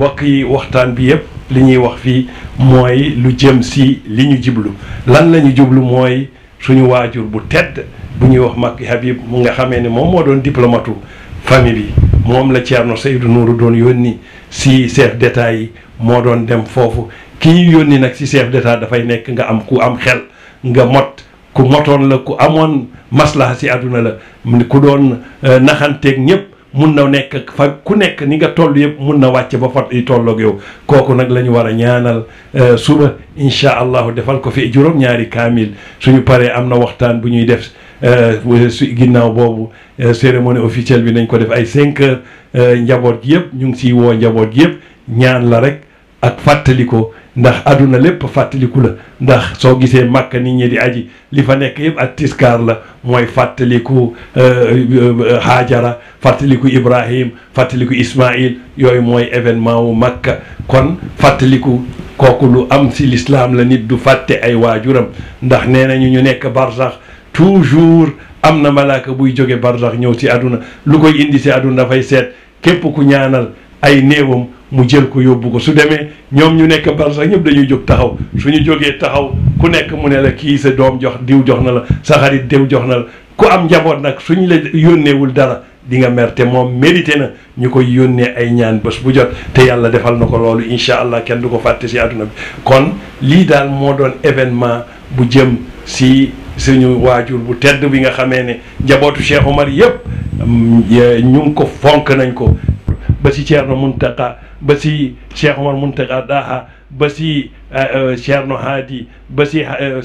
mbokk yi waxtaan bi yépp li ñuy wax fii mooy lu jëm si li ñu jublu lan la ñu jublu mooy suñu waajur bu tedd bu ñuy wax Makki Habib mu nga xamee ne moom moo doon diplomatu famille bi moom la Thierno Seydou Nourou doon yónni si chef d'état yi moo doon dem foofu ki ñu yónni nag si chef d'état dafay nekk nga am ku am xel nga mot ku motoon la ku amoon maslaha si àdduna la ku doon euh, naxanteeg ñëpp mun na nekk fa ku nekk ni nga toll yëpp mun na wàcce ba fot yi tolloog yow kooku nag la ñu war a ñaanal euh, suba incha allahu defal ko fi juróom-ñaari kaamil suñu paree am na waxtaan bu ñuy def euh, su ginnaaw boobu euh, cérémonie officielle bi nañ ko def ay cinq heures njaboot gi yëpp ñu ngi siy woo njaboot gi yëpp ñaan la rek ak fàttali ko ndax àdduna lépp fàttaliku la ndax soo gisee màkk nit ñi di aji li fa nekk yëpp ak tiskaar la mooy fàttaliku euh, euh, Haajara fàttaliku Ibrahim fàttaliku Ismail yooyu mooy événement wu màkka kon fàttaliku kooku lu am si lislaam la nit du fàtte ay waajuram ndax nee nañu ñu nekk barsax toujours am na malaaka buy jóge barsax ñëw si àdduna lu koy indi si àdduna dafay seet képp ku ñaanal ay néewam mu jël ko yóbbu ko su demee ñoom ñu nekk bar sax ñëpp dañuy jóg taxaw ñu jógee taxaw ku nekk mu ne la kii sa doom jox diw jox na la sa xarit diw jox na la ku am njaboot nag suñ la yónneewul dara di nga mer te moom mérité na ñu koy yónnee ay ñaan bés bu jot te yàlla defal na ko loolu incha allah kenn du ko fàtte si àdduna bi kon lii daal moo doon événement bu jëm si suñu waajur bu tedd bi nga xamee ne njabootu Cheikh Omar yëpp mm, ñu ngi ko fonk nañ ko ba si Cheikh Omar Mountaga Daha ba si eh, eh, Thierno Hadi ba si eh,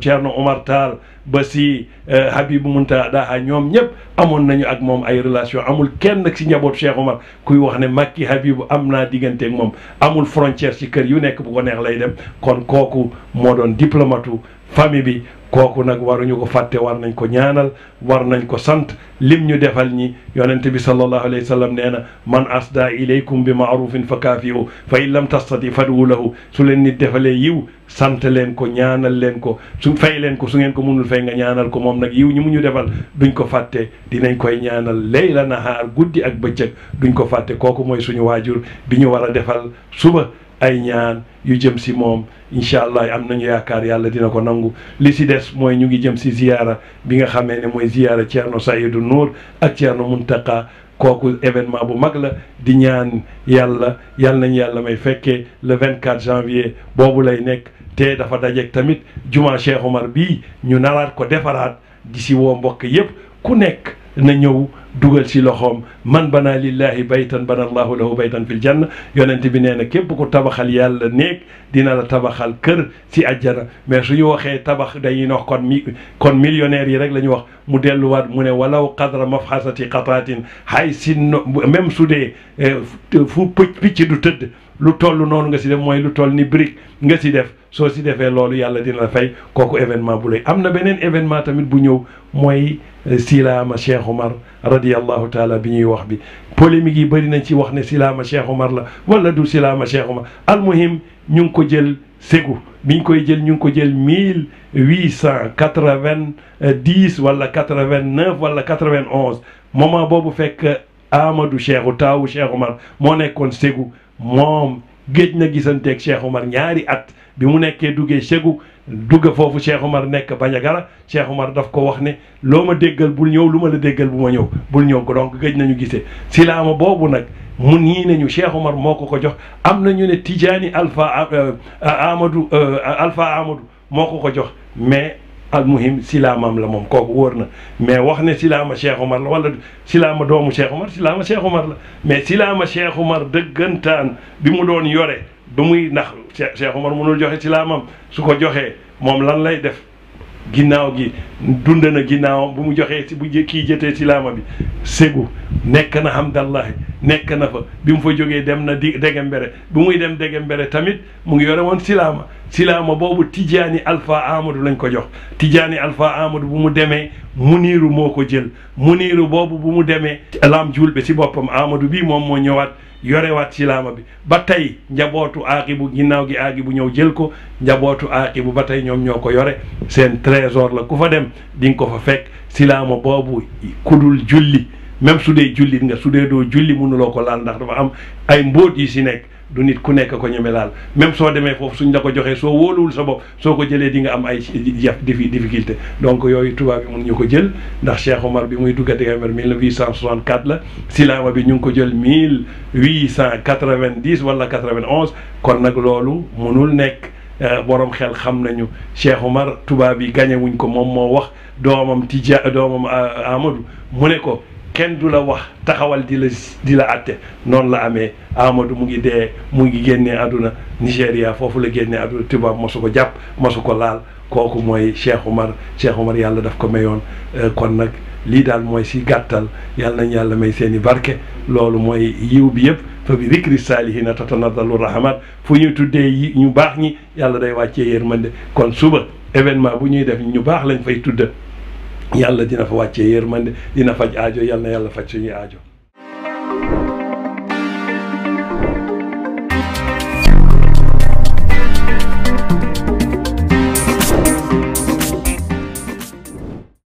Thierno Omar Tall ba si Habib Mountaga Daha ñoom ñëpp amoon nañu ak moom ay relation amul kenn si njaboot Cheikh Omar kuy wax ne Makki Habib am naa digganteeg moom amul frontière ci kër yu nekk bu ko neex lay dem kon kooku moo doon diplomatu famille bi kooku nag waruñu ko fàtte war nañ ko ñaanal war nañ ko sant lim ñu defal ñi yonente bi sallallahu alayhi wa sallam nee na man asda ilaykum bi maarufin fa kaafiu fa in lam tastati fadu lahu su leen nit defalee yiw sant leen ko ñaanal leen ko su fay leen ko su ngeen ko mënul fay nga ñaanal ko moom nag yiw ñi mu ñu defal duñ ko fàtte dinañ koy ñaanal layla nahaar guddi ak bëccëg duñ ko fàtte kooku mooy suñu waajur bi ñu war a defal suba ay ñaan yu jëm si moom incha allah yi am nañu yaakaar yàlla dina ko nangu li si des mooy ñu ngi jëm si ziyaara bi nga xamee ne mooy ziyaara Thierno Saïdou Nour ak Thierno Muntaka kooku événement bu mag la di ñaan yàlla yàlla nañu yàlla may fekkee le 24 janvier boobu lay nekk te dafa dajeeg tamit juma Cheikh mar bii ñu naraat ko defaraat di si woo mbokk yépp ku nekk. na ñëw dugal ci loxoom man banaa lillahi baytan bana allahu lahu baytan fil janna yonent bi nee na képp ku tabaxal yàlla néeg dina la tabaxal kër ci àjjana mais suñu waxee tabax dañuy wax kon mi kon millionnaires yi rek la ñu wax mu delluwaat mu ne walaw qadra mafxasati qataatin hay si no même su dee eh, fu picc du tëdd lu toll noonu nga si def mooy lu toll ni brique nga si def soo si defee loolu yàlla dina la fay kooku événement bu lay am na beneen événement tamit bu ñëw mooy silaama Cheikh Omar radiyallahu taala bi ñuy wax bi polémique yi bëri nañ ci wax ne silaama Cheikh Omar la wala du silaama Cheikh Omar almuhim ñu ngi ko jël ségu biñ koy jël ñu ngi ko jël mille huit cent quatre vingt wala quatre-vingt-neuf wala quatre-vingt-onze moment boobu fekk aamadu Cheikh taawu Cheikh Omar moo nekkoon ségu moom géej na gisanteeg Cheikh Omar ñaari at bi mu nekkee duggee Ségou dugg foofu Cheikh Omar nekk Bandiagara Cheikh Omar daf ko wax ne loo ma déggal bul ñëw lu ma la déggal bu ma ñëw bul ñëw ko donc géej nañu gise silaama boobu nag mu nii nañu Cheikh Omar moo ko ko jox am nañu ne Tidjani Alpha euh, Amadou euh, Alpha Amadou moo ko ko jox mais almuhim silaamam la moom kooku wóor na mais wax ne silaama Cheikh Omar la walla silaama doomu Cheikh Omar silaama Cheikh Omar la mais silaama Cheikh Omar dëggantaan bi mu doon yore ba muy ndax Cheikh Omar mënul joxe silaamam su ko joxee moom lan lay def ginnaaw gi dund na ginnaawam bu mu joxee si bu kii jëtee silaama bi ségu nekk na hamdallahi nekk na fa bi mu fa jógee dem na di Degembere bi muy dem Degembere tamit mu ngi yore woon silaama silaama boobu Tidjani Alpha Amadou lañ ko jox Tidjani Alpha Amadou bu mu demee Muniru moo ko jël Muniru boobu bu mu demee lam julbe si boppam Amadou bii moom moo ñëwaat yorewaat silaama bi ba tey njabootu aaqibu ginnaaw gi aaqibu ñëw jël ko njabootu aaqibu ba tey ñoom ñoo ko yore seen trésor la ku fa dem di nga fa fekk silaama boobu kudul julli même su dee jullit nga su dee doo julli mënuloo ko laal ndax dafa am ay mbóot yi si nekk du nit ku nekk ko ñeme laal même soo demee foofu suñ la ko joxee soo wóoluwul sa bopp soo ko jëlee di nga am ay jaf difficulté donc yooyu tubaab bi ñu ko jël ndax Cheikh Omar bi muy duggati Kajoor 1864 la Silama bi ñu ngi ko jël 1890 wala 91 kon nag loolu mënul nekk euh, borom xel xam nañu Cheikh Omar tubaab yi gañe ko moom moo wax doomam Tija doomam euh, Amadou mu ne ko kenn du la wax taxawal di la di la àtte noonu la amee Amadou mu ngi dee mu ngi génnee àdduna Nigéria foofu la génnee àdduna tubaab mosu ko jàpp mosu ko laal kooku mooy Cheikh Umar Cheikh Umar yàlla daf ko mayoon euh, kon nag lii daal mooy si gàttal yàlla nañ yàlla may seen i barke loolu mooy yiw bi yëpp fa bi rikri saalihiina tatanazzalu rahmat fu ñu tuddee ñu baax ñi yàlla day wàccee yërmande kon suba événement bu ñuy def ñu baax lañ fay tudda yàlla dina fa wàccee yërmande dina faj aajo yal na yàlla faj suñuy aajo